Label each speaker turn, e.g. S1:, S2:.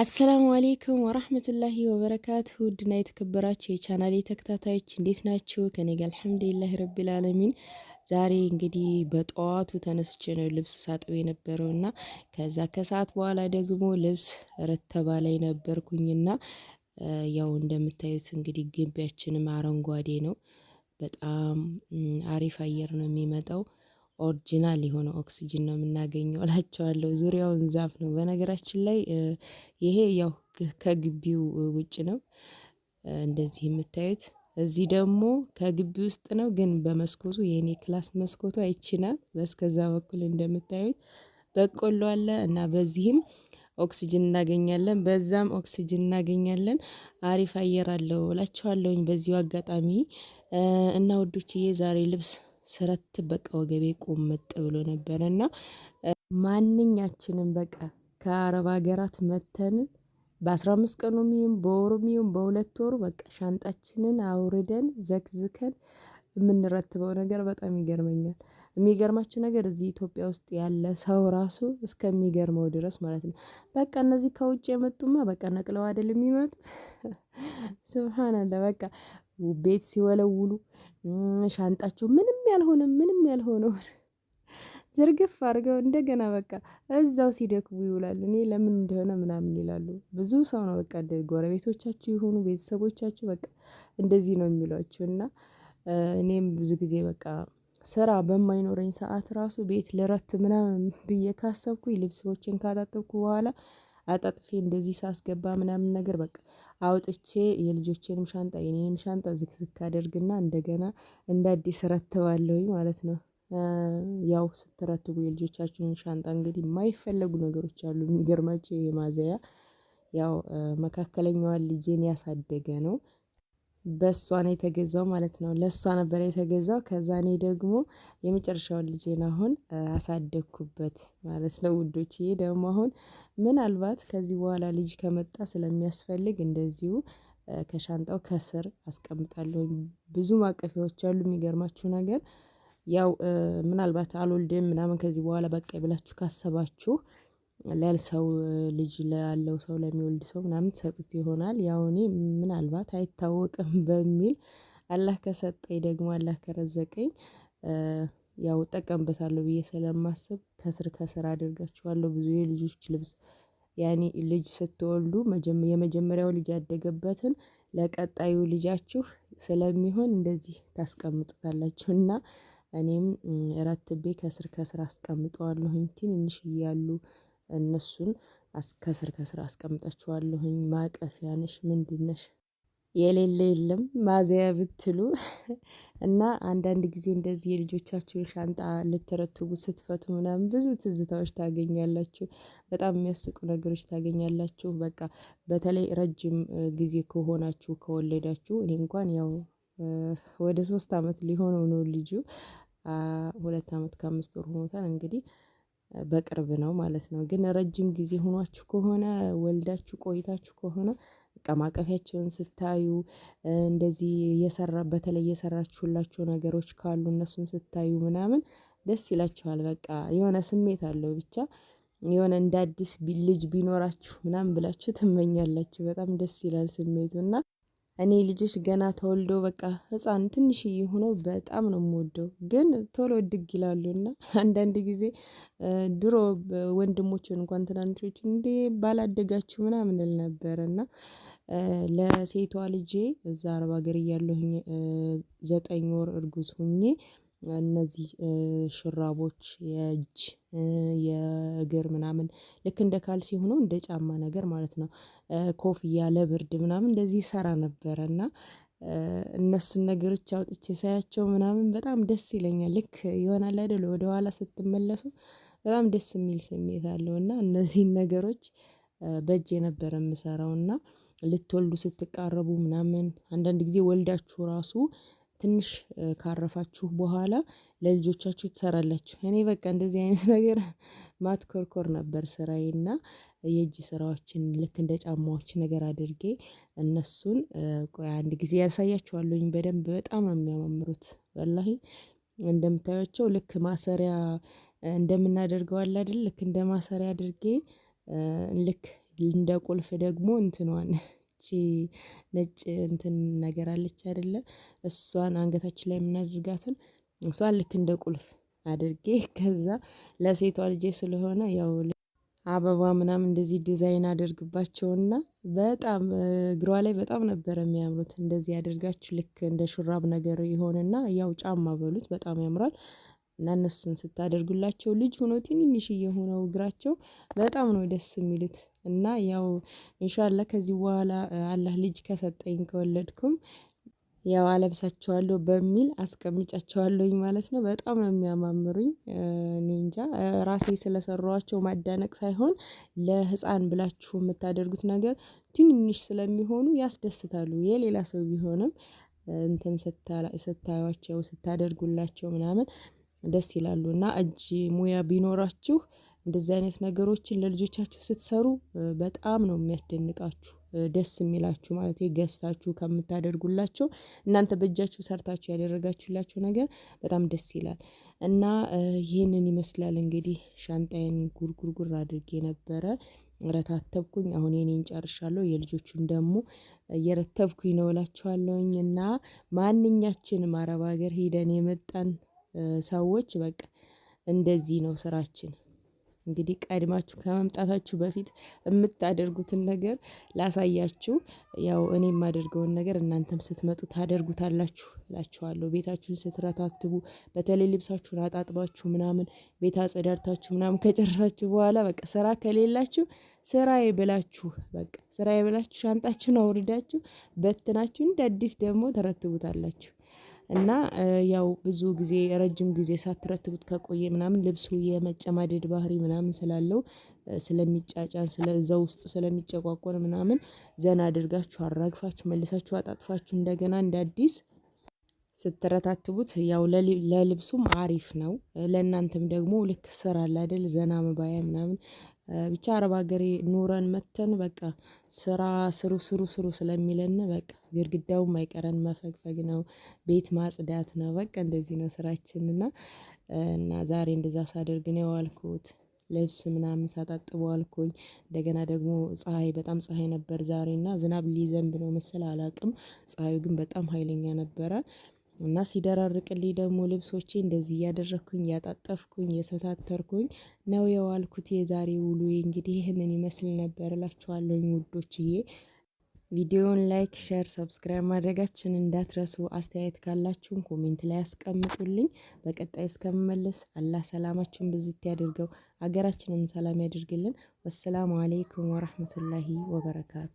S1: አሰላሙ አሌይኩም ወራህመቱላሂ ወበረካቱ ውድና የተከበራችሁ የቻናሌ ተከታታዮች እንዴት ናችሁ? ከኔ ጋር አልሐምዱሊላህ ረቢል አለሚን። ዛሬ እንግዲህ በጠዋቱ ተነስቼ ነው ልብስ ሳጥብ የነበረው እና ከዛ ከሰዓት በኋላ ደግሞ ልብስ ረተባ ላይ ነበርኩኝና ያው እንደምታዩት እንግዲህ ግቢያችንም አረንጓዴ ነው። በጣም አሪፍ አየር ነው የሚመጣው ኦሪጂናል የሆነ ኦክስጅን ነው የምናገኘው እላቸዋለሁ። ዙሪያውን ዛፍ ነው በነገራችን ላይ ይሄ ያው ከግቢው ውጭ ነው። እንደዚህ የምታዩት እዚህ ደግሞ ከግቢ ውስጥ ነው ግን በመስኮቱ የእኔ ክላስ መስኮቷ አይችናል። በስከዛ በኩል እንደምታዩት በቆሎ አለ እና በዚህም ኦክስጅን እናገኛለን በዛም ኦክስጅን እናገኛለን። አሪፍ አየር አለው እላችኋለሁኝ። በዚሁ አጋጣሚ እና ውዶችዬ ዛሬ ልብስ ስረት በቃ ወገቤ ቆመጥ ብሎ ነበረ እና ማንኛችንም በቃ ከአረብ ሀገራት መተን በአስራ አምስት ቀኑም ይሁን በወሩም በሁለት ወሩ በቃ ሻንጣችንን አውርደን ዘክዝከን የምንረትበው ነገር በጣም ይገርመኛል። የሚገርማችሁ ነገር እዚህ ኢትዮጵያ ውስጥ ያለ ሰው ራሱ እስከሚገርመው ድረስ ማለት ነው። በቃ እነዚህ ከውጭ የመጡማ በቃ ነቅለው አይደል የሚመጡት? ስብሃናላ በቃ ቤት ሲወለውሉ ሻንጣቸው ምንም ያልሆነ ምንም ያልሆነውን ዝርግፍ አድርገው እንደገና በቃ እዛው ሲደክቡ ይውላሉ። እኔ ለምን እንደሆነ ምናምን ይላሉ። ብዙ ሰው ነው በቃ ጎረቤቶቻችሁ የሆኑ ቤተሰቦቻችሁ በቃ እንደዚህ ነው የሚሏችሁ እና እኔም ብዙ ጊዜ በቃ ስራ በማይኖረኝ ሰዓት ራሱ ቤት ልረት ምናምን ብዬ ካሰብኩኝ ልብሶችን ካጣጠብኩ በኋላ አጣጥፌ እንደዚህ ሳስገባ ምናምን ነገር በቃ አውጥቼ የልጆቼንም ሻንጣ የኔንም ሻንጣ ዝክዝክ አደርግና እንደገና እንደ አዲስ ረትባለሁኝ ማለት ነው። ያው ስትረትቡ የልጆቻችሁን ሻንጣ እንግዲህ የማይፈለጉ ነገሮች አሉ የሚገርማቸው የማዘያ ማዘያ ያው መካከለኛዋን ልጄን ያሳደገ ነው በእሷ ነው የተገዛው ማለት ነው። ለእሷ ነበር የተገዛው። ከዛ እኔ ደግሞ የመጨረሻውን ልጄን አሁን አሳደግኩበት ማለት ነው ውዶች። ይሄ ደግሞ አሁን ምናልባት ከዚህ በኋላ ልጅ ከመጣ ስለሚያስፈልግ እንደዚሁ ከሻንጣው ከስር አስቀምጣለሁ። ብዙ ማቀፊያዎች አሉ። የሚገርማችሁ ነገር ያው ምናልባት አልወልድም ምናምን ከዚህ በኋላ በቃ ብላችሁ ካሰባችሁ ለሰው ልጅ ላለው ሰው ለሚወልድ ሰው ምናምን ትሰጡት ይሆናል ያው እኔ ምናልባት አይታወቅም በሚል አላህ ከሰጠኝ ደግሞ አላህ ከረዘቀኝ ያው እጠቀምበታለሁ ብዬ ስለማስብ ከስር ከስር አድርጋችኋለሁ። ብዙ የልጆች ልብስ ያኔ ልጅ ስትወልዱ የመጀመሪያው ልጅ ያደገበትን ለቀጣዩ ልጃችሁ ስለሚሆን እንደዚህ ታስቀምጡታላችሁ እና እኔም ረትቤ ከስር ከስር አስቀምጠዋለሁኝ ትንንሽ እያሉ እነሱን ከስር ከስር አስቀምጣችኋለሁኝ። ማቀፊያ ነሽ ምንድን ነሽ የሌለ የለም ማዘያ ብትሉ እና አንዳንድ ጊዜ እንደዚህ የልጆቻችሁን ሻንጣ ልትረትቡ ስትፈቱ ምናምን ብዙ ትዝታዎች ታገኛላችሁ። በጣም የሚያስቁ ነገሮች ታገኛላችሁ። በቃ በተለይ ረጅም ጊዜ ከሆናችሁ ከወለዳችሁ፣ እኔ እንኳን ያው ወደ ሶስት አመት ሊሆነው ነው ልጁ ሁለት አመት ከአምስት ወር ሆኖታል እንግዲህ በቅርብ ነው ማለት ነው። ግን ረጅም ጊዜ ሆኗችሁ ከሆነ ወልዳችሁ ቆይታችሁ ከሆነ በቃ ማቀፊያቸውን ስታዩ እንደዚህ የሰራ በተለይ የሰራችሁላቸው ነገሮች ካሉ እነሱን ስታዩ ምናምን ደስ ይላችኋል በቃ የሆነ ስሜት አለው ብቻ የሆነ እንደ አዲስ ልጅ ቢኖራችሁ ምናምን ብላችሁ ትመኛላችሁ በጣም ደስ ይላል ስሜቱ እና እኔ ልጆች ገና ተወልዶ በቃ ህፃን ትንሽዬ ሆነው በጣም ነው የምወደው፣ ግን ቶሎ ድግ ይላሉ እና አንዳንድ ጊዜ ድሮ ወንድሞችን እንኳን ትናንሾችን እንዴ ባላደጋችሁ ምናምን እል ነበር እና ለሴቷ ልጄ እዛ አረብ ሀገር እያለሁኝ ዘጠኝ ወር እርጉዝ ሁኜ እነዚህ ሹራቦች የእጅ የእግር ምናምን ልክ እንደ ካልሲ ሆኖ እንደ ጫማ ነገር ማለት ነው። ኮፍያ ለብርድ ምናምን እንደዚህ ሰራ ነበረ እና እነሱን ነገሮች አውጥቼ ሳያቸው ምናምን በጣም ደስ ይለኛል ልክ ይሆናል አይደል ወደኋላ ስትመለሱ በጣም ደስ የሚል ስሜት አለው። እና እነዚህን ነገሮች በእጅ የነበረ የምሰራው እና ልትወልዱ ስትቃረቡ ምናምን አንዳንድ ጊዜ ወልዳችሁ ራሱ ትንሽ ካረፋችሁ በኋላ ለልጆቻችሁ ትሰራላችሁ። እኔ በቃ እንደዚህ አይነት ነገር ማትኮርኮር ነበር ስራዬና የእጅ ስራዎችን ልክ እንደ ጫማዎች ነገር አድርጌ እነሱን ቆይ አንድ ጊዜ ያሳያችኋለኝ። በደንብ በጣም ነው የሚያማምሩት። ወላሂ እንደምታያቸው ልክ ማሰሪያ እንደምናደርገው አለ አይደል? ልክ እንደ ማሰሪያ አድርጌ ልክ እንደ ቁልፍ ደግሞ እንትኗን ይቺ ነጭ እንትን ነገር አለች አይደለ? እሷን አንገታችን ላይ የምናደርጋትን እሷን ልክ እንደ ቁልፍ አድርጌ ከዛ ለሴቷ ልጄ ስለሆነ ያው አበባ ምናምን እንደዚህ ዲዛይን አደርግባቸውና በጣም እግሯ ላይ በጣም ነበረ የሚያምሩት። እንደዚህ አድርጋችሁ ልክ እንደ ሹራብ ነገር ይሆንና ያው ጫማ በሉት በጣም ያምራል። እና እነሱን ስታደርጉላቸው ልጅ ሆኖ ትንንሽ የሆነው እግራቸው በጣም ነው ደስ የሚሉት። እና ያው እንሻላ ከዚህ በኋላ አላህ ልጅ ከሰጠኝ ከወለድኩም ያው አለብሳቸዋለሁ በሚል አስቀምጫቸዋለሁኝ ማለት ነው። በጣም ነው የሚያማምሩኝ። እኔ እንጃ ራሴ ስለሰሯቸው ማዳነቅ ሳይሆን ለህፃን ብላችሁ የምታደርጉት ነገር ትንንሽ ስለሚሆኑ ያስደስታሉ። የሌላ ሰው ቢሆንም እንትን ስታዩቸው ስታደርጉላቸው ምናምን ደስ ይላሉ እና እጅ ሙያ ቢኖራችሁ እንደዚህ አይነት ነገሮችን ለልጆቻችሁ ስትሰሩ በጣም ነው የሚያስደንቃችሁ ደስ የሚላችሁ ማለት ገዝታችሁ ከምታደርጉላቸው እናንተ በእጃችሁ ሰርታችሁ ያደረጋችሁላቸው ነገር በጣም ደስ ይላል እና ይህንን ይመስላል እንግዲህ ሻንጣዬን ጉርጉርጉር አድርጌ ነበረ ረታተብኩኝ አሁን የኔን ጨርሻለሁ የልጆቹን ደግሞ እየረተብኩኝ ነው እላችኋለሁኝ እና ማንኛችንም አረብ ሀገር ሄደን የመጣን ሰዎች በቃ እንደዚህ ነው ስራችን። እንግዲህ ቀድማችሁ ከመምጣታችሁ በፊት የምታደርጉትን ነገር ላሳያችሁ ያው እኔ የማደርገውን ነገር እናንተም ስትመጡ ታደርጉታላችሁ እላችኋለሁ። ቤታችሁን ስትረታትቡ በተለይ ልብሳችሁን አጣጥባችሁ ምናምን ቤት አጸዳድታችሁ ምናምን ከጨረሳችሁ በኋላ በቃ ስራ ከሌላችሁ ስራዬ ብላችሁ በቃ ስራዬ ብላችሁ ሻንጣችሁን አውርዳችሁ በትናችሁ እንደ አዲስ ደግሞ ተረትቡታላችሁ እና ያው ብዙ ጊዜ ረጅም ጊዜ ሳትረትቡት ከቆየ ምናምን ልብሱ የመጨማደድ ባህሪ ምናምን ስላለው ስለሚጫጫን ስለዛ ውስጥ ስለሚጨቋቆን ምናምን ዘና አድርጋችሁ አራግፋችሁ መልሳችሁ አጣጥፋችሁ እንደገና እንደ አዲስ ስትረታትቡት ያው ለልብሱም አሪፍ ነው። ለእናንተም ደግሞ ልክ ስራ አለ አይደል ዘና መባያ ምናምን ብቻ አረብ ሀገር ኑረን መተን በቃ ስራ ስሩ ስሩ ስሩ ስለሚለን በቃ ግድግዳው አይቀረን መፈግፈግ ነው፣ ቤት ማጽዳት ነው። በቃ እንደዚህ ነው ስራችን እና እና ዛሬ እንደዛ ሳደርግ ነው የዋልኩት። ልብስ ምናምን ሳጣጥብ አልኩኝ። እንደገና ደግሞ ፀሐይ በጣም ፀሐይ ነበር ዛሬ እና ዝናብ ሊዘንብ ነው መሰል አላቅም። ፀሐዩ ግን በጣም ኃይለኛ ነበረ። እና ሲደራርቅልኝ ደግሞ ልብሶቼ እንደዚህ እያደረግኩኝ እያጣጠፍኩኝ እየሰታተርኩኝ ነው የዋልኩት። የዛሬ ውሉ እንግዲህ ይህንን ይመስል ነበር እላችኋለሁኝ ውዶችዬ። ቪዲዮውን ላይክ፣ ሼር፣ ሰብስክራይብ ማድረጋችን እንዳትረሱ። አስተያየት ካላችሁም ኮሜንት ላይ ያስቀምጡልኝ። በቀጣይ እስከምመለስ አላህ ሰላማችን ብዝት ያድርገው፣ አገራችንም ሰላም ያድርግልን። ወሰላሙ አሌይኩም ወረህመቱላሂ ወበረካቱ።